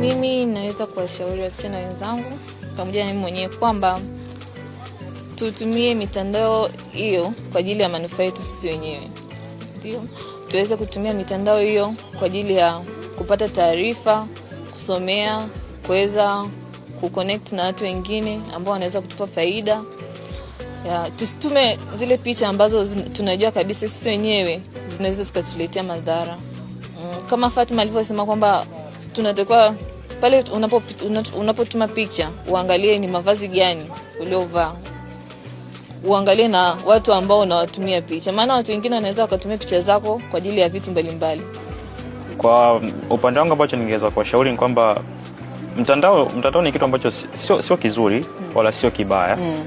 Mimi naweza kuwashauri wasichana wenzangu pamoja na mimi mwenyewe kwamba tutumie mitandao hiyo kwa ajili ya manufaa yetu sisi wenyewe, ndio tuweze kutumia mitandao hiyo kwa ajili ya kupata taarifa, kusomea, kuweza kuconnect na watu wengine ambao wanaweza kutupa faida. Tusitume zile picha ambazo zin, tunajua kabisa sisi wenyewe zinaweza zikatuletea madhara. Mm, kama Fatima alivyosema kwamba tunatakiwa pale unapotuma picha uangalie ni mavazi gani uliovaa, uangalie na watu ambao unawatumia picha, maana watu wengine wanaweza wakatumia picha zako kwa ajili ya vitu mbalimbali mbali. Kwa upande wangu ambacho ningeweza kuwashauri ni kwamba mtandao mtandao ni kitu ambacho sio sio kizuri mm. wala sio kibaya mm.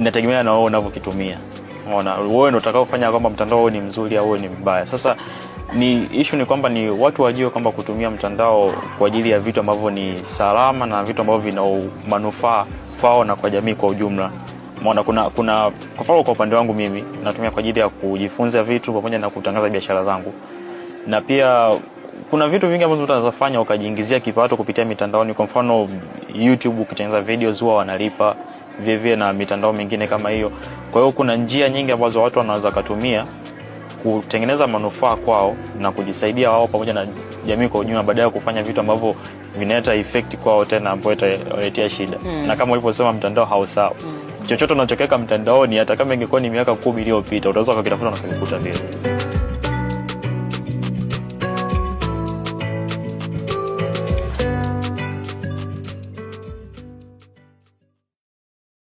inategemea na wewe unavyokitumia. Unaona, wewe ndio utakaofanya kwamba mtandao ni mzuri au ni mbaya. Sasa ni ishu ni kwamba ni watu wajue kwamba kutumia mtandao kwa ajili ya vitu ambavyo ni salama na vitu ambavyo vina manufaa kwao na kwa jamii kwa ujumla. Maana kuna kuna kwa mfano, kwa upande wangu mimi natumia kwa ajili ya kujifunza vitu pamoja na kutangaza biashara zangu, na pia kuna vitu vingi ambavyo utazofanya ukajiingizia kipato kupitia mitandaoni. Kwa mfano, YouTube ukitengeneza videos huwa wanalipa vivyo na mitandao mingine kama hiyo. Kwa hiyo kuna njia nyingi ambazo watu wanaweza kutumia kutengeneza manufaa kwao na kujisaidia wao pamoja na jamii kwa ujumla, baadaye kufanya vitu ambavyo vinaleta effect kwao tena ambayo italetea shida mm. na kama ulivyosema mtandao hausawa mm. chochote unachokeka mtandaoni, hata kama ingekuwa ni miaka kumi iliyopita utaweza ukakitafuta na kukikuta vile.